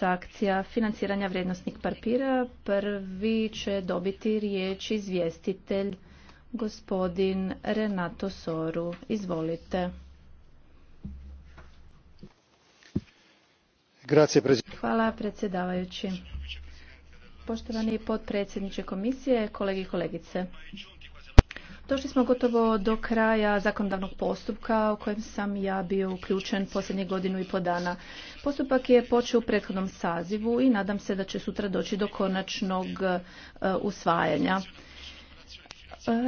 Akcija financiranja vrijednosnih papira. Prvi će dobiti riječ izvjestitelj gospodin Renato Soru. Izvolite. Hvala predsjedavajući. Poštovani potpredsjedniče komisije, kolegi i kolegice. Došli smo gotovo do kraja zakonodavnog postupka u kojem sam ja bio uključen posljednjih godinu i po dana. Postupak je počeo u prethodnom sazivu i nadam se da će sutra doći do konačnog e, usvajanja.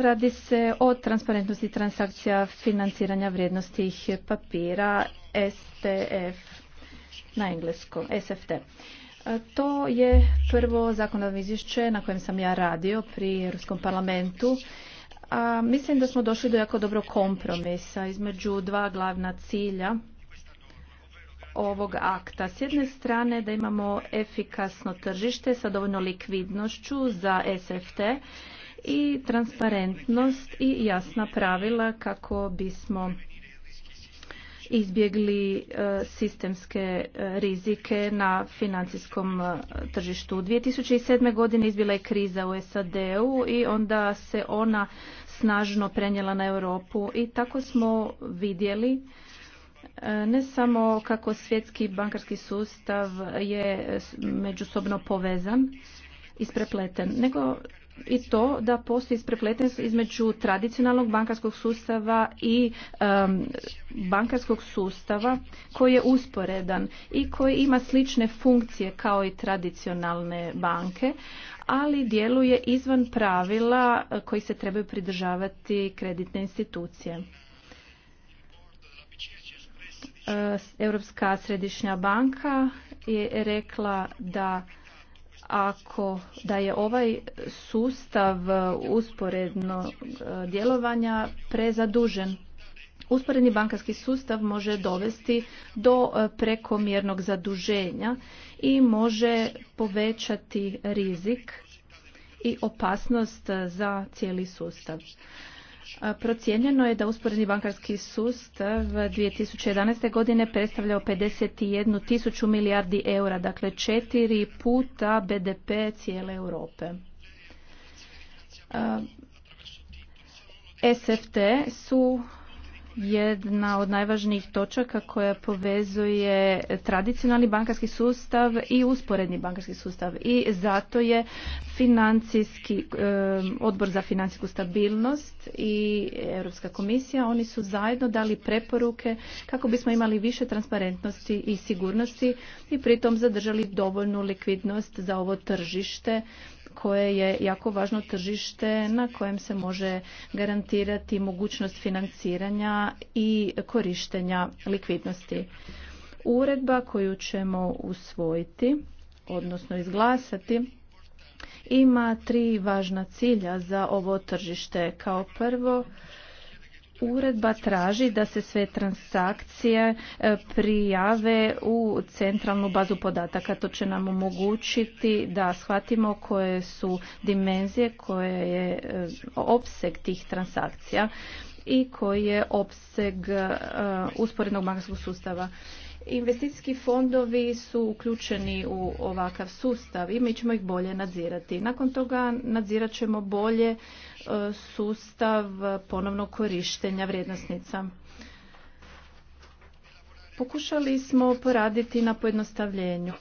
Radi se o transparentnosti transakcija financiranja vrijednostih papira STF na engleskom, SFT. E, to je prvo zakonodavno izvješće na kojem sam ja radio pri Europskom parlamentu a, mislim da smo došli do jako dobro kompromisa između dva glavna cilja ovog akta. S jedne strane da imamo efikasno tržište sa dovoljno likvidnošću za SFT i transparentnost i jasna pravila kako bismo izbjegli e, sistemske e, rizike na financijskom e, tržištu. U 2007. godine izbila je kriza u SAD-u i onda se ona snažno prenijela na Europu i tako smo vidjeli e, ne samo kako svjetski bankarski sustav je međusobno povezan, isprepleten, nego i to da postoji sprepleten između tradicionalnog bankarskog sustava i bankarskog sustava koji je usporedan i koji ima slične funkcije kao i tradicionalne banke, ali djeluje izvan pravila koji se trebaju pridržavati kreditne institucije. E, Europska središnja banka je rekla da ako da je ovaj sustav usporednog e, djelovanja prezadužen Usporedni bankarski sustav može dovesti do e, prekomjernog zaduženja i može povećati rizik i opasnost e, za cijeli sustav. E, procijenjeno je da usporedni bankarski sustav 2011. godine predstavljao 51 tisuću milijardi eura, dakle četiri puta BDP cijele Europe. SFT su jedna od najvažnijih točaka koja povezuje tradicionalni bankarski sustav i usporedni bankarski sustav i zato je financijski odbor za financijsku stabilnost i Europska komisija oni su zajedno dali preporuke kako bismo imali više transparentnosti i sigurnosti i pritom zadržali dovoljnu likvidnost za ovo tržište koje je jako važno tržište na kojem se može garantirati mogućnost financiranja i korištenja likvidnosti. Uredba koju ćemo usvojiti, odnosno izglasati, ima tri važna cilja za ovo tržište. Kao prvo, Uredba traži da se sve transakcije e, prijave u centralnu bazu podataka. To će nam omogućiti da shvatimo koje su dimenzije, koje je e, opseg tih transakcija i koji je opseg e, usporednog bankarskog sustava. Investicijski fondovi su uključeni u ovakav sustav i mi ćemo ih bolje nadzirati. Nakon toga nadzirat ćemo bolje e, sustav ponovnog korištenja vrijednosnica. Pokušali smo poraditi na pojednostavljenju.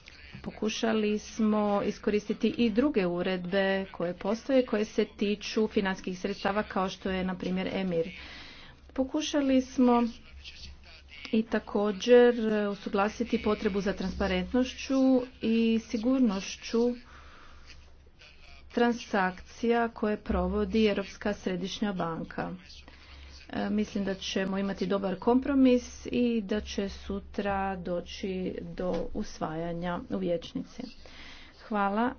Pokušali smo iskoristiti i druge uredbe koje postoje, koje se tiču finanskih sredstava kao što je, na primjer, EMIR. Pokušali smo i također e, usuglasiti potrebu za transparentnošću i sigurnošću transakcija koje provodi Europska središnja banka. E, mislim da ćemo imati dobar kompromis i da će sutra doći do usvajanja u vječnici. Hvala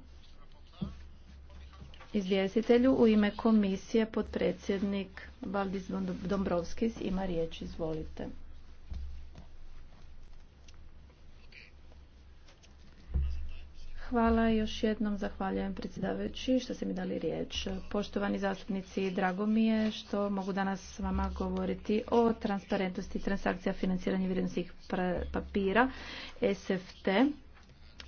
izvjestitelju. U ime komisije podpredsjednik Valdis Dombrovskis ima riječ. Izvolite. Hvala još jednom, zahvaljujem predsjedavajući što ste mi dali riječ. Poštovani zastupnici, drago mi je što mogu danas s vama govoriti o transparentnosti transakcija financiranja vrijednosnih papira SFT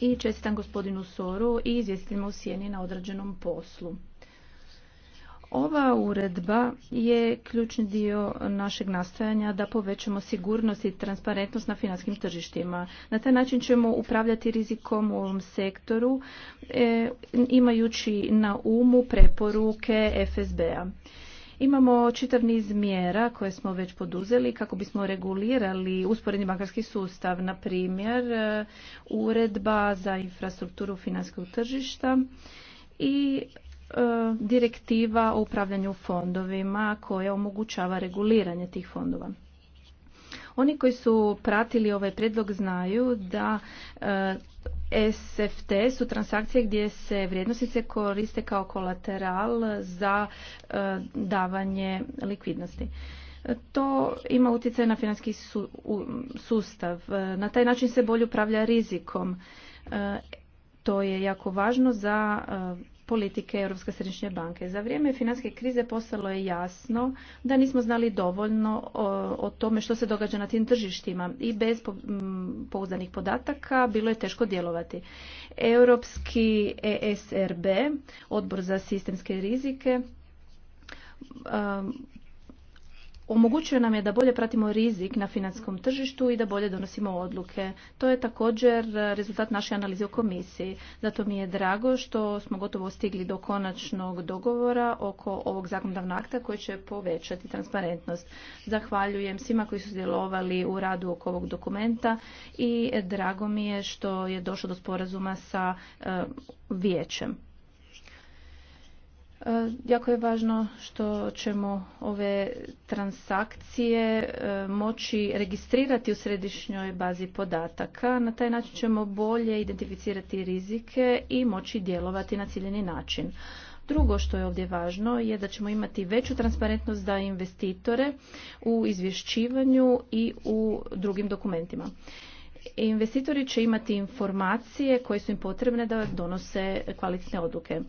i čestitam gospodinu Soru i izvjestiteljima u Sjeni na odrađenom poslu. Ova uredba je ključni dio našeg nastojanja da povećamo sigurnost i transparentnost na finanskim tržištima. Na taj način ćemo upravljati rizikom u ovom sektoru e, imajući na umu preporuke FSB-a. Imamo čitav niz mjera koje smo već poduzeli kako bismo regulirali usporedni bankarski sustav, na primjer e, uredba za infrastrukturu finanskog tržišta i E, direktiva o upravljanju fondovima koja omogućava reguliranje tih fondova. Oni koji su pratili ovaj predlog znaju da e, SFT su transakcije gdje se vrijednosnice koriste kao kolateral za e, davanje likvidnosti. To ima utjecaj na financijski sustav. Na taj način se bolje upravlja rizikom. To je jako važno za politike Europske središnje banke. Za vrijeme financijske krize postalo je jasno da nismo znali dovoljno o, o tome što se događa na tim tržištima i bez pouzdanih podataka bilo je teško djelovati. Europski ESRB, odbor za sistemske rizike, omogućuje nam je da bolje pratimo rizik na financijskom tržištu i da bolje donosimo odluke. To je također e, rezultat naše analize u komisiji. Zato mi je drago što smo gotovo stigli do konačnog dogovora oko ovog zakonodavnog akta koji će povećati transparentnost. Zahvaljujem svima koji su sudjelovali u radu oko ovog dokumenta i drago mi je što je došlo do sporazuma sa e, vijećem. E, jako je važno što ćemo ove transakcije e, moći registrirati u središnjoj bazi podataka. Na taj način ćemo bolje identificirati rizike i moći djelovati na ciljeni način. Drugo što je ovdje važno je da ćemo imati veću transparentnost za investitore u izvješćivanju i u drugim dokumentima. Investitori će imati informacije koje su im potrebne da donose kvalitetne odluke.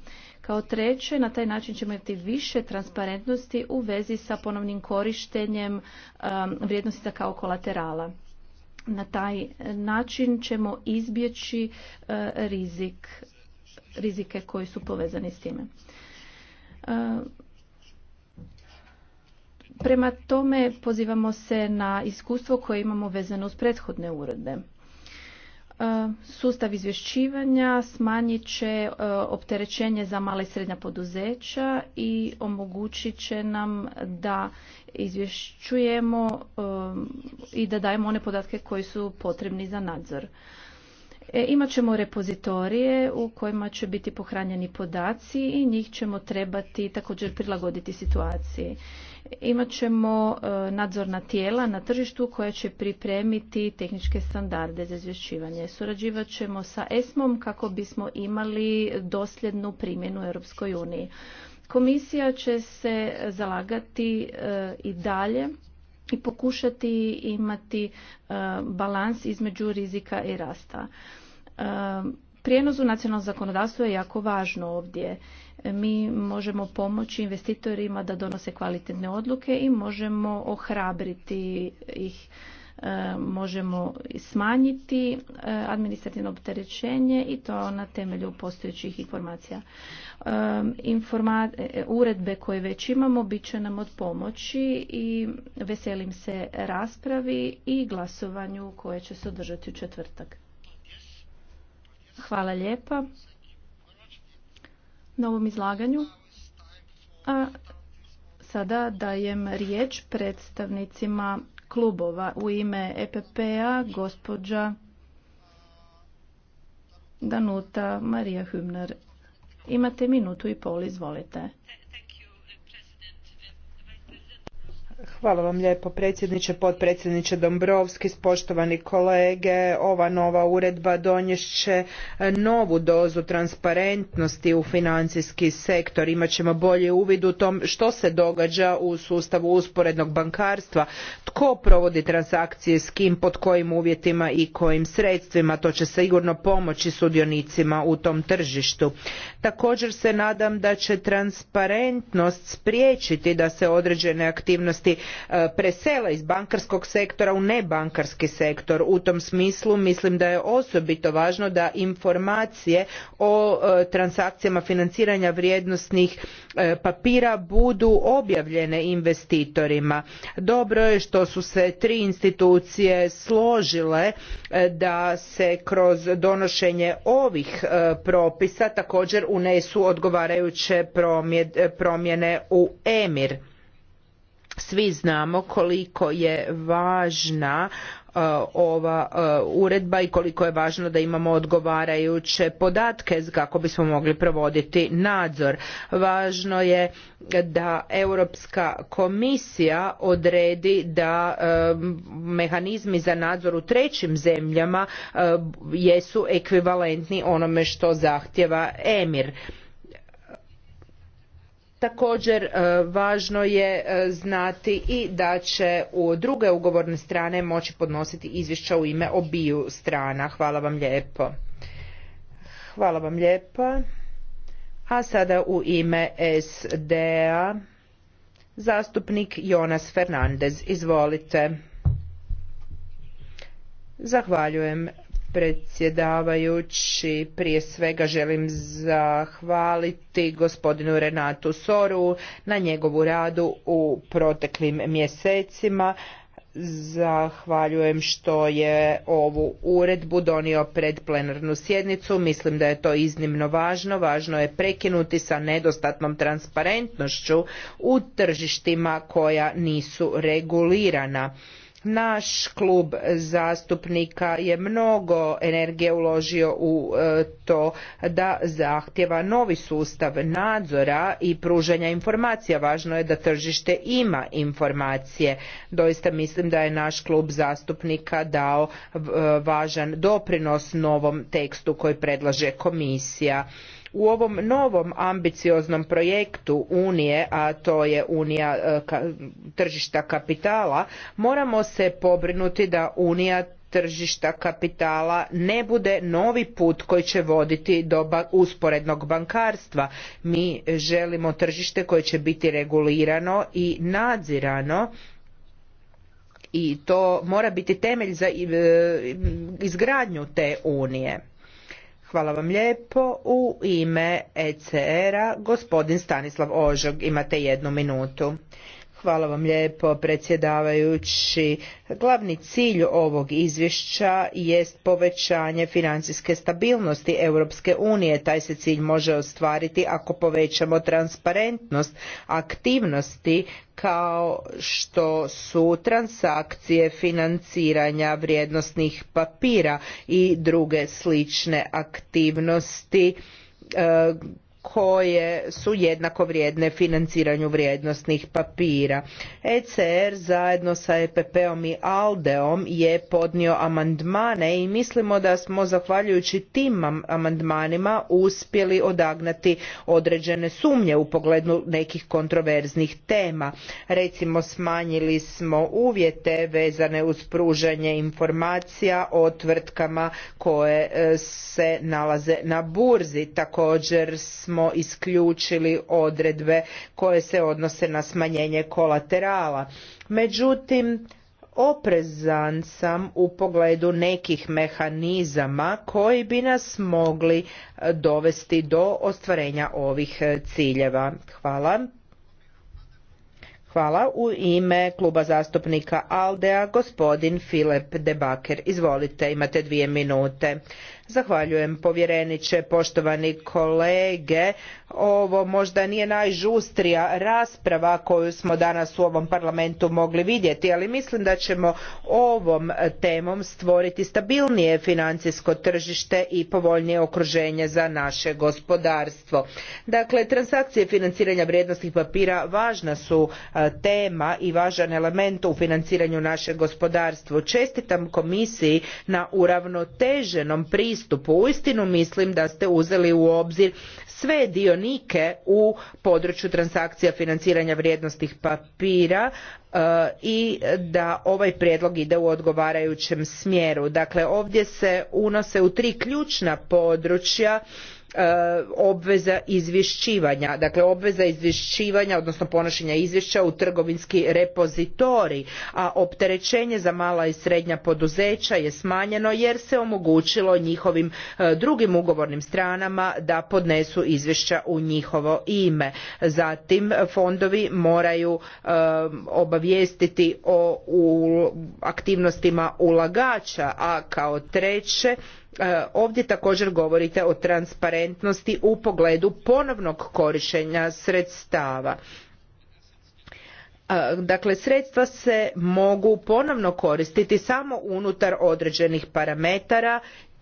Kao treće, na taj način ćemo imati više transparentnosti u vezi sa ponovnim korištenjem um, vrijednosti kao kolaterala. Na taj način ćemo izbjeći uh, rizik, rizike koji su povezani s time. Uh, prema tome pozivamo se na iskustvo koje imamo vezano uz prethodne uredbe. E, sustav izvješćivanja smanjit će e, opterećenje za mala i srednja poduzeća i omogućit će nam da izvješćujemo e, i da dajemo one podatke koji su potrebni za nadzor. Imaćemo repozitorije u kojima će biti pohranjeni podaci i njih ćemo trebati također prilagoditi situaciji imat ćemo e, nadzorna tijela na tržištu koja će pripremiti tehničke standarde za izvješćivanje. Surađivat ćemo sa ESMOM kako bismo imali dosljednu primjenu Europskoj uniji. Komisija će se zalagati e, i dalje i pokušati imati e, balans između rizika i rasta. Prijenos u nacionalno zakonodavstvo je jako važno ovdje mi možemo pomoći investitorima da donose kvalitetne odluke i možemo ohrabriti ih e, možemo smanjiti e, administrativno opterećenje i to na temelju postojećih informacija. E, informa uredbe koje već imamo bit će nam od pomoći i veselim se raspravi i glasovanju koje će se održati u četvrtak. Hvala lijepa na ovom izlaganju. A sada dajem riječ predstavnicima klubova u ime EPP-a gospođa Danuta Marija Hübner. Imate minutu i pol, izvolite. Hvala vam lijepo predsjedniče, potpredsjedniče Dombrovski, poštovani kolege. Ova nova uredba donješće e, novu dozu transparentnosti u financijski sektor. Imaćemo bolji uvid u tom što se događa u sustavu usporednog bankarstva, tko provodi transakcije s kim, pod kojim uvjetima i kojim sredstvima. To će sigurno pomoći sudionicima u tom tržištu. Također se nadam da će transparentnost spriječiti da se određene aktivnosti E, presele iz bankarskog sektora u nebankarski sektor. U tom smislu mislim da je osobito važno da informacije o e, transakcijama financiranja vrijednosnih e, papira budu objavljene investitorima. Dobro je što su se tri institucije složile da se kroz donošenje ovih propisa također unesu odgovarajuće promjene u emir svi znamo koliko je važna e, ova e, uredba i koliko je važno da imamo odgovarajuće podatke kako bismo mogli provoditi nadzor. Važno je da Europska komisija odredi da e, mehanizmi za nadzor u trećim zemljama jesu ekvivalentni onome što zahtjeva EMIR Također e, važno je e, znati i da će u druge ugovorne strane moći podnositi izvješća u ime obiju strana. Hvala vam lijepo. Hvala vam lijepa. A sada u ime SDA zastupnik Jonas Fernandez. Izvolite. Zahvaljujem predsjedavajući. Prije svega želim zahvaliti gospodinu Renatu Soru na njegovu radu u proteklim mjesecima. Zahvaljujem što je ovu uredbu donio pred plenarnu sjednicu. Mislim da je to iznimno važno. Važno je prekinuti sa nedostatnom transparentnošću u tržištima koja nisu regulirana naš klub zastupnika je mnogo energije uložio u e, to da zahtjeva novi sustav nadzora i pružanja informacija važno je da tržište ima informacije doista mislim da je naš klub zastupnika dao e, važan doprinos novom tekstu koji predlaže komisija u ovom novom ambicioznom projektu Unije, a to je Unija e, tržišta kapitala, moramo se pobrinuti da Unija tržišta kapitala ne bude novi put koji će voditi do usporednog bankarstva. Mi želimo tržište koje će biti regulirano i nadzirano i to mora biti temelj za e, izgradnju te unije. Hvala vam lijepo. U ime ECR-a gospodin Stanislav Ožog imate jednu minutu. Hvala vam lijepo predsjedavajući. Glavni cilj ovog izvješća jest povećanje financijske stabilnosti Europske unije. Taj se cilj može ostvariti ako povećamo transparentnost aktivnosti kao što su transakcije financiranja vrijednosnih papira i druge slične aktivnosti e, koje su jednako vrijedne financiranju vrijednosnih papira. ECR er zajedno sa EPP-om i ALDE-om je podnio amandmane i mislimo da smo zahvaljujući tim amandmanima uspjeli odagnati određene sumnje u pogledu nekih kontroverznih tema. Recimo smanjili smo uvjete vezane uz pružanje informacija o tvrtkama koje e, se nalaze na burzi. Također smo smo isključili odredbe koje se odnose na smanjenje kolaterala. Međutim, oprezan sam u pogledu nekih mehanizama koji bi nas mogli e, dovesti do ostvarenja ovih e, ciljeva. Hvala. Hvala. U ime kluba zastupnika Aldea, gospodin Filip Debaker. Izvolite, imate dvije minute. Zahvaljujem povjereniče, poštovani kolege. Ovo možda nije najžustrija rasprava koju smo danas u ovom parlamentu mogli vidjeti, ali mislim da ćemo ovom temom stvoriti stabilnije financijsko tržište i povoljnije okruženje za naše gospodarstvo. Dakle, transakcije financiranja vrijednosnih papira važna su e, tema i važan element u financiranju našeg gospodarstva. Čestitam komisiji na uravnoteženom pristupu pristupu. Uistinu mislim da ste uzeli u obzir sve dionike u području transakcija financiranja vrijednosnih papira eh, i da ovaj prijedlog ide u odgovarajućem smjeru. Dakle, ovdje se unose u tri ključna područja E, obveza izvješćivanja dakle obveza izvješćivanja odnosno ponošenja izvješća u trgovinski repozitorij a opterećenje za mala i srednja poduzeća je smanjeno jer se omogućilo njihovim e, drugim ugovornim stranama da podnesu izvješća u njihovo ime zatim fondovi moraju e, obavijestiti o aktivnostima ulagača a kao treće E, ovdje također govorite o transparentnosti u pogledu ponovnog korištenja sredstava e, dakle sredstva se mogu ponovno koristiti samo unutar određenih parametara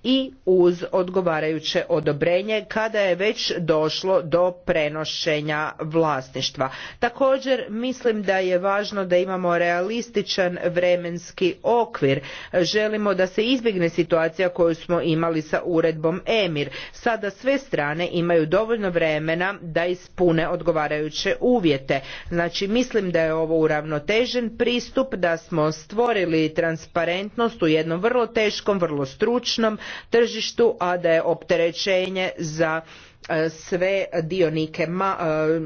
i uz odgovarajuće odobrenje kada je već došlo do prenošenja vlasništva. Također mislim da je važno da imamo realističan vremenski okvir. Želimo da se izbjegne situacija koju smo imali sa uredbom EMIR. Sada sve strane imaju dovoljno vremena da ispune odgovarajuće uvjete. Znači mislim da je ovo uravnotežen pristup, da smo stvorili transparentnost u jednom vrlo teškom, vrlo stručnom tržištu, a da je opterećenje za e, sve dionike e,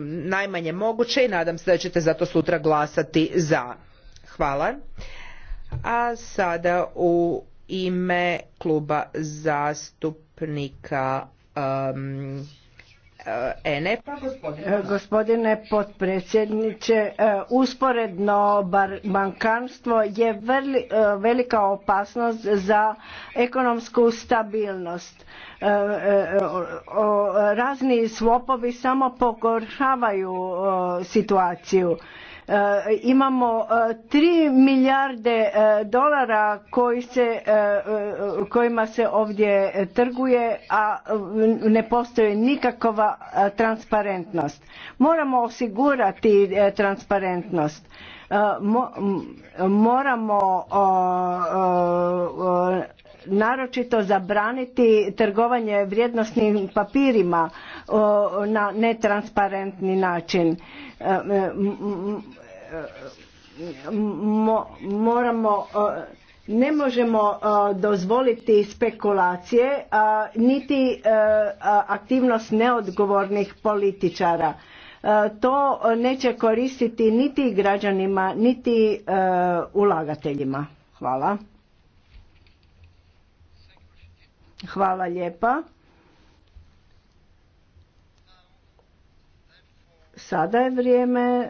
najmanje moguće i nadam se da ćete zato sutra glasati za. Hvala. A sada u ime kluba zastupnika E, pa, e, gospodine, potpredsjedniče, e, usporedno bankarstvo je velika opasnost za ekonomsku stabilnost. Razni svopovi samo pogoršavaju situaciju E, imamo e, tri milijarde e, dolara koji se, kojima se ovdje trguje, a ne postoji nikakva transparentnost. Moramo osigurati transparentnost. Moramo naročito zabraniti trgovanje vrijednosnim papirima na netransparentni način moramo e, ne možemo e, dozvoliti spekulacije niti e, aktivnost neodgovornih političara to neće koristiti niti građanima niti ulagateljima hvala hvala lijepa sada je vrijeme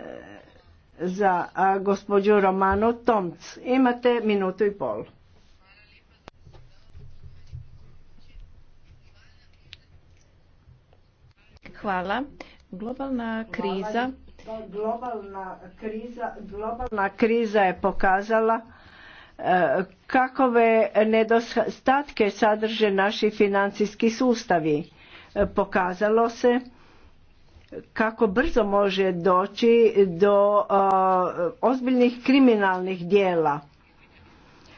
za gospođu Romanu Tomc. Imate minutu i pol. Hvala. Globalna kriza globalna kriza globalna kriza je pokazala e, kakove nedostatke sadrže naši financijski sustavi. E, pokazalo se kako brzo može doći do ozbiljnih kriminalnih dijela.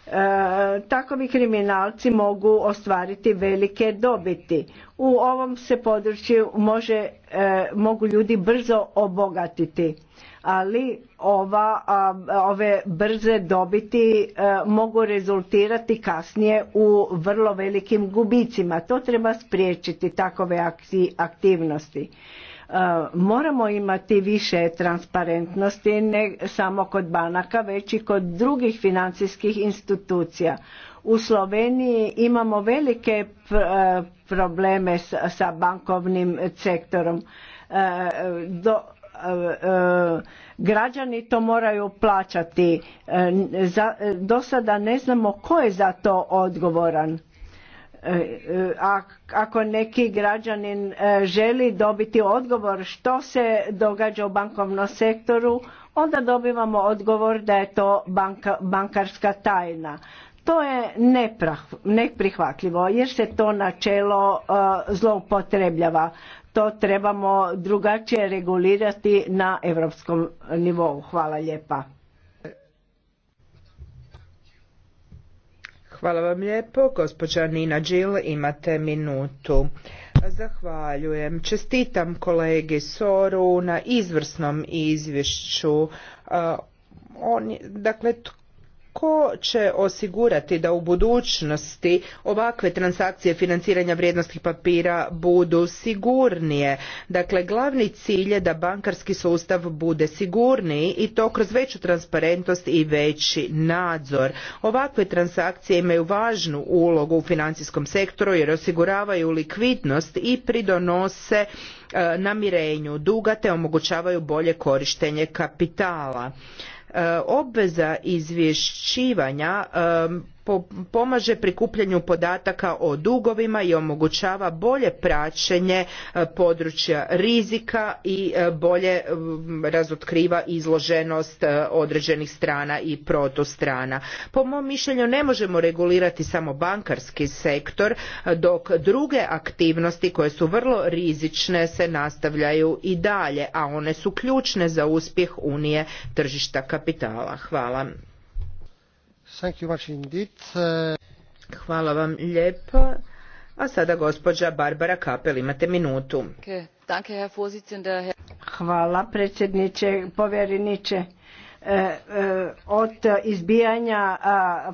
E, takovi kriminalci mogu ostvariti velike dobiti. U ovom se području može, e, mogu ljudi brzo obogatiti, ali ova, a, ove brze dobiti e, mogu rezultirati kasnije u vrlo velikim gubicima. To treba spriječiti takove aktivnosti. E, moramo imati više transparentnosti ne samo kod banaka već i kod drugih financijskih institucija. U Sloveniji imamo velike e, probleme sa bankovnim sektorom. E, do, građani to moraju plaćati. Do sada ne znamo ko je za to odgovoran ako neki građanin e, želi dobiti odgovor što se događa u bankovnom sektoru onda dobivamo odgovor da je to bankarska tajna to je neprihvatljivo jer se to načelo e, zloupotrebljava to trebamo drugačije regulirati na europskom nivou hvala lijepa Hvala vam lijepo. Gospođa Nina Đil, imate minutu. Zahvaljujem. Čestitam kolegi Soru na izvrsnom izvješću. dakle, Ko će osigurati da u budućnosti ovakve transakcije financiranja vrijednosnih papira budu sigurnije? Dakle, glavni cilj je da bankarski sustav bude sigurniji i to kroz veću transparentnost i veći nadzor. Ovakve transakcije imaju važnu ulogu u financijskom sektoru jer osiguravaju likvidnost i pridonose e, namirenju duga te omogućavaju bolje korištenje kapitala obveza izvješćivanja pomaže prikupljanju podataka o dugovima i omogućava bolje praćenje e, područja rizika i e, bolje e, razotkriva izloženost određenih strana i protustrana. Po mom mišljenju ne možemo regulirati samo bankarski sektor dok druge aktivnosti koje su vrlo rizične se nastavljaju i dalje, a one su ključne za uspjeh unije tržišta kapitala. Hvala. Thank Hvala vam lijepa. A sada gospođa Barbara Kapel, imate minutu. Hvala predsjedniče, povjereniče E, e, od izbijanja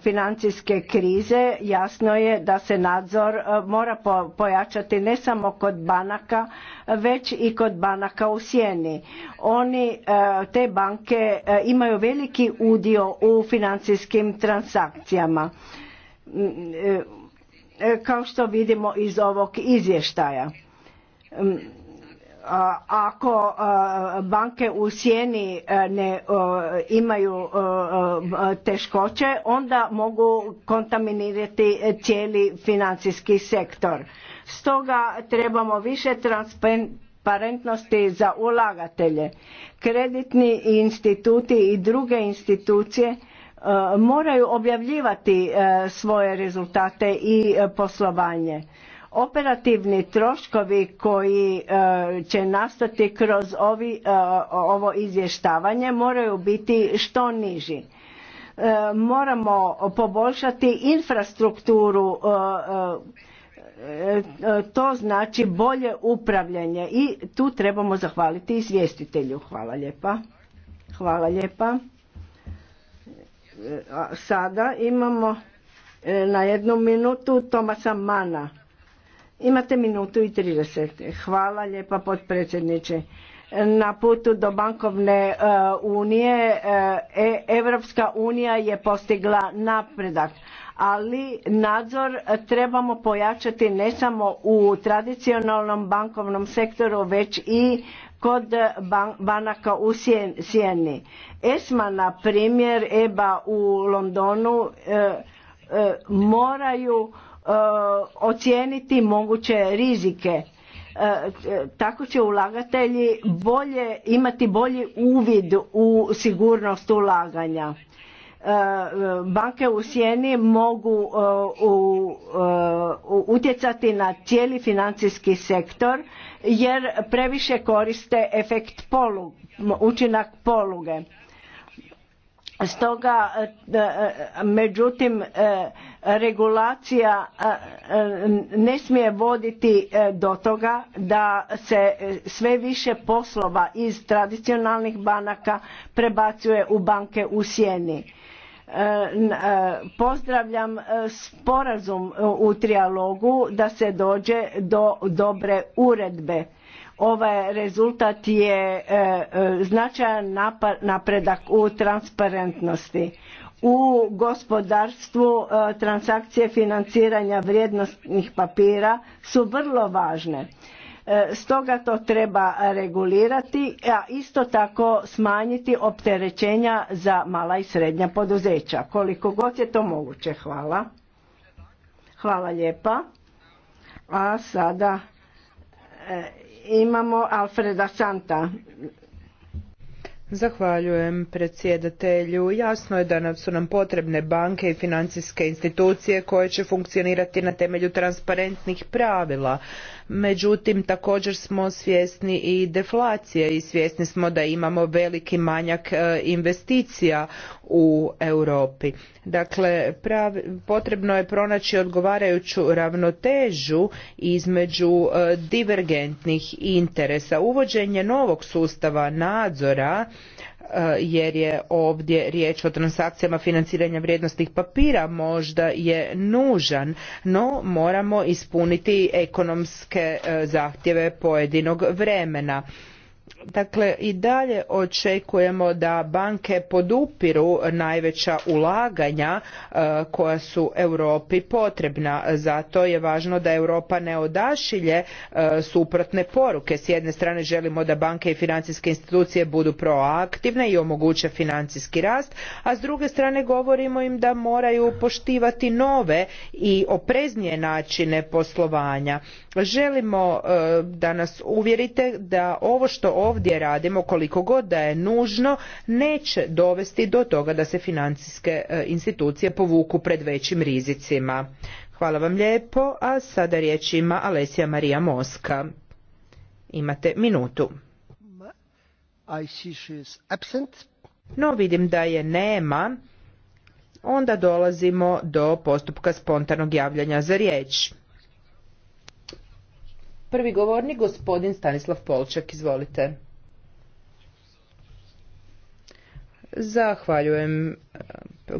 financijske krize jasno je da se nadzor e, mora pojačati ne samo kod banaka već i kod banaka u sjeni oni te banke imaju veliki udio u financijskim transakcijama mm, kao što vidimo iz ovog izvještaja mm, ako banke u sjeni e, ne imaju teškoće onda mogu kontaminirati cijeli financijski sektor stoga trebamo više transparentnosti za ulagatelje kreditni instituti i druge institucije e, moraju objavljivati e, svoje rezultate i poslovanje Operativni troškovi koji e, će nastati kroz e, ovo izvještavanje moraju biti što niži. E, moramo poboljšati infrastrukturu to znači bolje upravljanje i tu trebamo zahvaliti izvjestitelju. Hvala lijepa. Hvala lijepa. Sada imamo na jednu minutu Tomasa Mana. Imate minutu i 30. Hvala lijepa potpredsjedniče. Na putu do bankovne e, unije Europska e, unija je postigla napredak, ali nadzor trebamo pojačati ne samo u tradicionalnom bankovnom sektoru, već i kod banaka u Sjeni. ESMA, na primjer, EBA u Londonu e, moraju E, ocijeniti moguće rizike. E, e, tako će ulagatelji bolje, imati bolji uvid u sigurnost ulaganja. Banke u sjeni mogu utjecati na cijeli financijski sektor jer previše koriste efekt polug, učinak poluge Stoga, e, e, međutim, e, regulacija ne smije voditi do toga da se sve više poslova iz tradicionalnih banaka prebacuje u banke u sjeni. Pozdravljam sporazum u trijalogu da se dođe do dobre uredbe Ovaj rezultat je e, e, značajan napredak u transparentnosti. U gospodarstvu e, transakcije financiranja vrijednostnih papira su vrlo važne. Stoga to treba regulirati, a isto tako smanjiti opterećenja za mala i srednja poduzeća. Koliko god je to moguće. Hvala. Hvala lijepa. A sada imamo Alfreda Santa. Zahvaljujem predsjedatelju. Jasno je da nam su nam potrebne banke i financijske institucije koje će funkcionirati na temelju transparentnih pravila međutim također smo svjesni i deflacije i svjesni smo da imamo veliki manjak e, investicija u Europi. Dakle, potrebno je pronaći odgovarajuću ravnotežu između e, divergentnih interesa. Uvođenje novog sustava nadzora Eh, jer je ovdje riječ o transakcijama financiranja vrijednosnih papira možda je nužan no moramo ispuniti ekonomske eh, zahtjeve pojedinog vremena Dakle, i dalje očekujemo da banke podupiru najveća ulaganja e, koja su Europi potrebna. Zato je važno da Europa ne odašilje e, suprotne poruke. S jedne strane želimo da banke i financijske institucije budu proaktivne i omoguće financijski rast, a s druge strane govorimo im da moraju poštivati nove i opreznije načine poslovanja. Želimo e, da nas uvjerite da ovo što ovdje radimo koliko god da je nužno neće dovesti do toga da se financijske e, institucije povuku pred većim rizicima. Hvala vam lijepo, a sada riječ ima Alesija Marija Moska. Imate minutu. No vidim da je nema. Onda dolazimo do postupka spontanog javljanja za riječ. Prvi govornik, gospodin Stanislav Polčak, izvolite. Zahvaljujem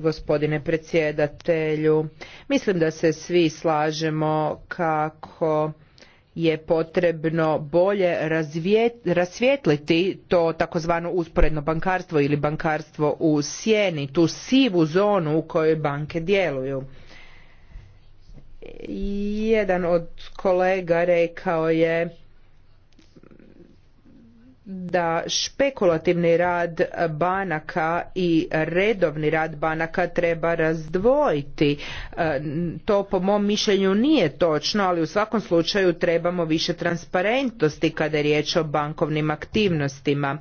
gospodine predsjedatelju. Mislim da se svi slažemo kako je potrebno bolje rasvijetliti to takozvano usporedno bankarstvo ili bankarstvo u sjeni, tu sivu zonu u kojoj banke djeluju. Jedan od kolega rekao je da špekulativni rad banaka i redovni rad banaka treba razdvojiti. E, to po mom mišljenju nije točno, ali u svakom slučaju trebamo više transparentnosti kada je riječ o bankovnim aktivnostima.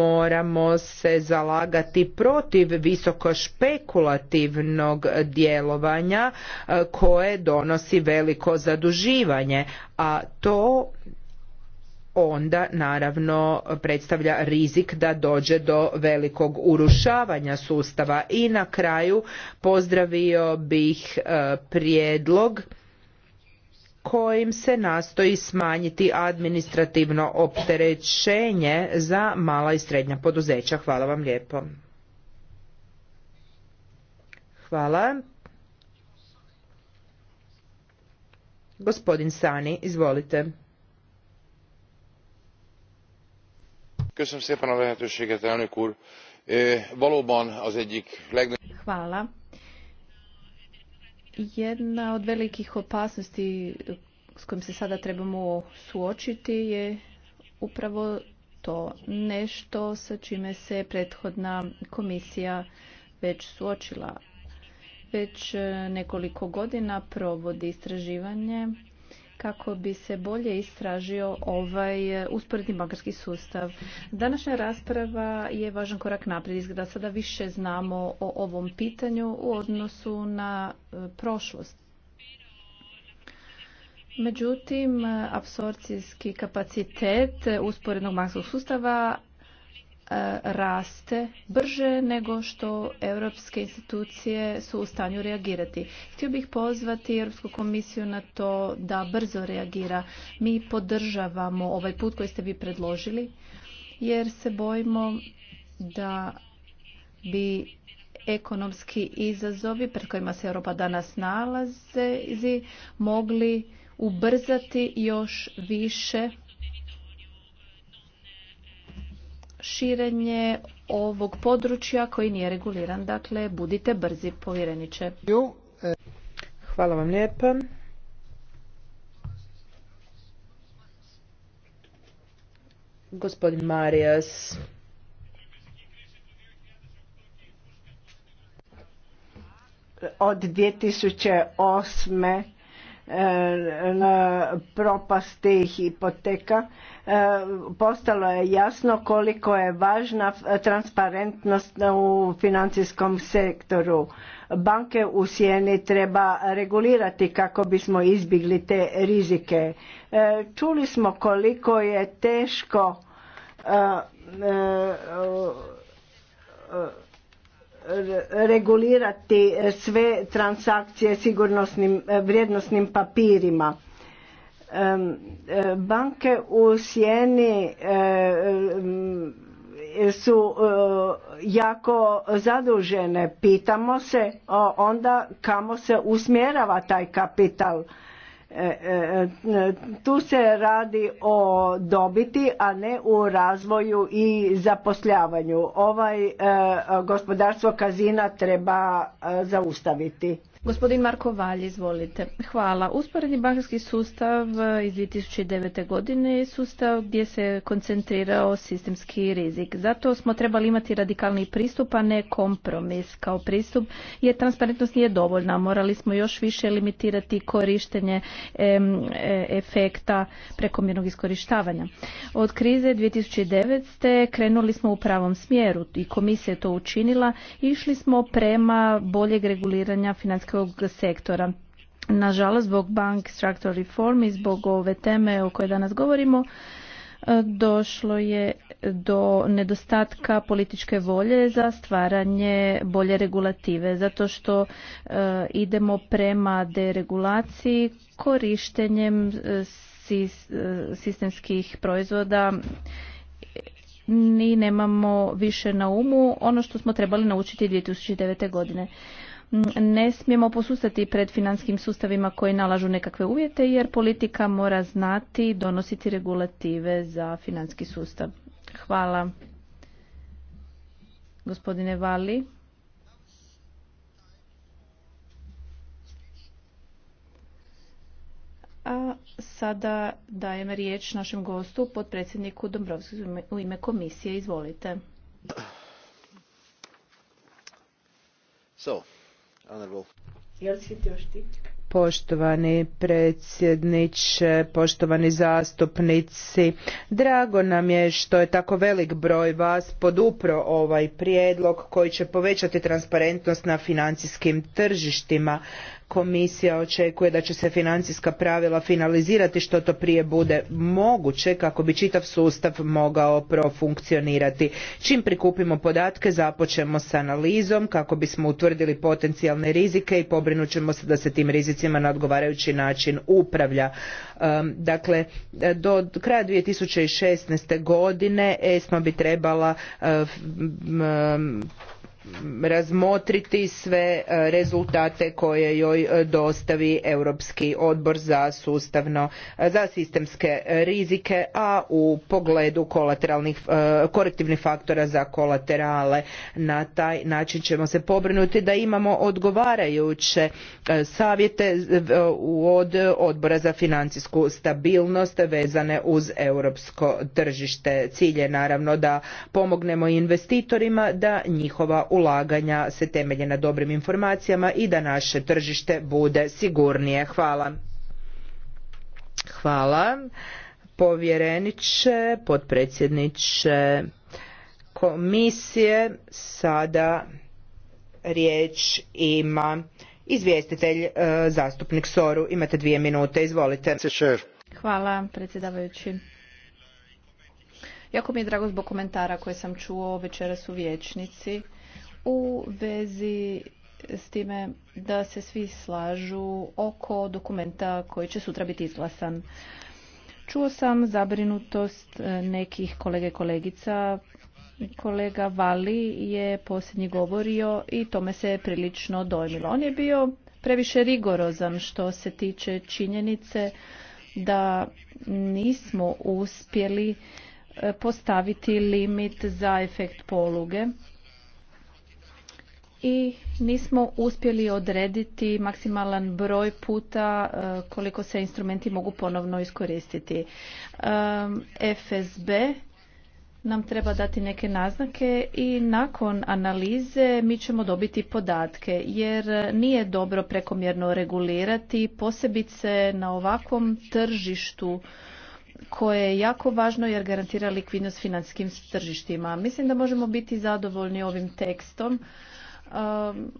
Moramo se zalagati protiv visoko špekulativnog djelovanja e, koje donosi veliko zaduživanje, a to onda naravno predstavlja rizik da dođe do velikog urušavanja sustava i na kraju pozdravio bih e, prijedlog kojim se nastoji smanjiti administrativno opterećenje za mala i srednja poduzeća. Hvala vam lijepo. Hvala. Gospodin Sani, izvolite. Hvala. Jedna od velikih opasnosti s kojim se sada trebamo suočiti je upravo to nešto sa čime se prethodna komisija već suočila. Već e, nekoliko godina provodi istraživanje kako bi se bolje istražio ovaj e, usporedni bankarski sustav. Današnja rasprava je važan korak naprijed. Izgleda sada više znamo o ovom pitanju u odnosu na e, prošlost. Međutim, e, apsorcijski kapacitet usporednog bankarskog sustava E, raste brže nego što europske institucije su u stanju reagirati. Htio bih pozvati Europsku komisiju na to da brzo reagira. Mi podržavamo ovaj put koji ste vi predložili jer se bojimo da bi ekonomski izazovi pred kojima se Europa danas nalazi mogli ubrzati još više širenje ovog područja koji nije reguliran. Dakle, budite brzi, povjereniče. Hvala vam lijepa. Gospodin Marijas. Od 2008 E, propast tih hipoteka e, postalo je jasno koliko je važna transparentnost u financijskom sektoru. Banke u sjeni treba regulirati kako bismo izbjegli te rizike. E, čuli smo koliko je teško regulirati e, sve transakcije sigurnosnim e, vrijednosnim papirima e, banke u sjeni su jako zadužene pitamo se onda kamo se usmjerava taj kapital E, e, tu se radi o dobiti, a ne u razvoju i zapošljavanju. Ovaj e, gospodarstvo kazina treba zaustaviti. Gospodin Marko Valj, izvolite. Hvala. Usporedni bankarski sustav e, iz 2009. godine je sustav gdje se koncentrirao sistemski rizik. Zato smo trebali imati radikalni pristup, a ne kompromis kao pristup, jer transparentnost nije dovoljna. Morali smo još više limitirati korištenje e, efekta prekomjernog iskorištavanja. Od krize 2009. krenuli smo u pravom smjeru i komisija je to učinila. Išli smo prema boljeg reguliranja financijskog bankarskog sektora. Nažalost, zbog bank structural reform i zbog ove teme o kojoj danas govorimo, e, došlo je do nedostatka političke volje za stvaranje bolje regulative zato što e, idemo prema deregulaciji korištenjem e, sistemskih proizvoda ni nemamo više na umu ono što smo trebali naučiti 2009. godine ne smijemo posustati pred finanskim sustavima koji nalažu nekakve uvjete jer politika mora znati donositi regulative za finanski sustav. Hvala. Gospodine Vali. A sada dajem riječ našem gostu, potpredsjedniku Dombrovskog u ime komisije. Izvolite. Poštovani predsjedniče, poštovani zastupnici, drago nam je što je tako velik broj vas podupro ovaj prijedlog koji će povećati transparentnost na financijskim tržištima komisija očekuje da će se financijska pravila finalizirati što to prije bude moguće kako bi čitav sustav mogao profunkcionirati. Čim prikupimo podatke započemo s analizom kako bismo utvrdili potencijalne rizike i pobrinut ćemo se da se tim rizicima na odgovarajući način upravlja. Dakle, do kraja 2016. godine ESMA bi trebala eh, razmotriti sve e, rezultate koje joj e, dostavi Europski odbor za sustavno e, za sistemske rizike, a u pogledu kolateralnih, korektivnih faktora za kolaterale. Na taj način ćemo se pobrinuti da imamo odgovarajuće savjete od odbora za financijsku stabilnost vezane uz europsko tržište. Cilj je naravno da pomognemo investitorima da njihova ulaganja se temelje na dobrim informacijama i da naše tržište bude sigurnije. Hvala. Hvala. Povjereniče, potpredsjedniče komisije, sada riječ ima izvjestitelj e, zastupnik Soru. Imate dvije minute, izvolite. Hvala predsjedavajući. Jako mi je drago zbog komentara koje sam čuo večeras u vječnici u vezi s time da se svi slažu oko dokumenta koji će sutra biti izglasan. Čuo sam zabrinutost e, nekih kolege i kolegica. Kolega Vali je posljednji govorio i tome se je prilično dojmilo. On je bio previše rigorozan što se tiče činjenice da nismo uspjeli e, postaviti limit za efekt poluge i nismo uspjeli odrediti maksimalan broj puta e, koliko se instrumenti mogu ponovno iskoristiti. E, FSB nam treba dati neke naznake i nakon analize mi ćemo dobiti podatke jer nije dobro prekomjerno regulirati posebice na ovakvom tržištu koje je jako važno jer garantira likvidnost financijskim tržištima. Mislim da možemo biti zadovoljni ovim tekstom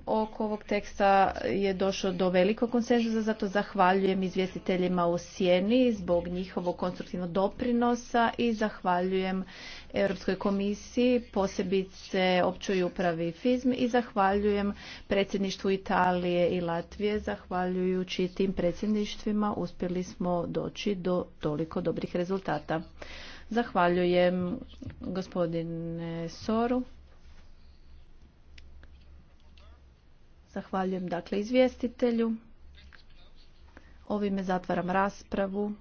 oko ovog teksta je došlo do velikog konsenzusa, zato zahvaljujem izvjestiteljima u Sjeni zbog njihovog konstruktivnog doprinosa i zahvaljujem Europskoj komisiji, posebice općoj upravi FIZM i zahvaljujem predsjedništvu Italije i Latvije. Zahvaljujući tim predsjedništvima uspjeli smo doći do toliko dobrih rezultata. Zahvaljujem gospodine Soru. Zahvaljujem dakle izvjestitelju. Ovime zatvaram raspravu.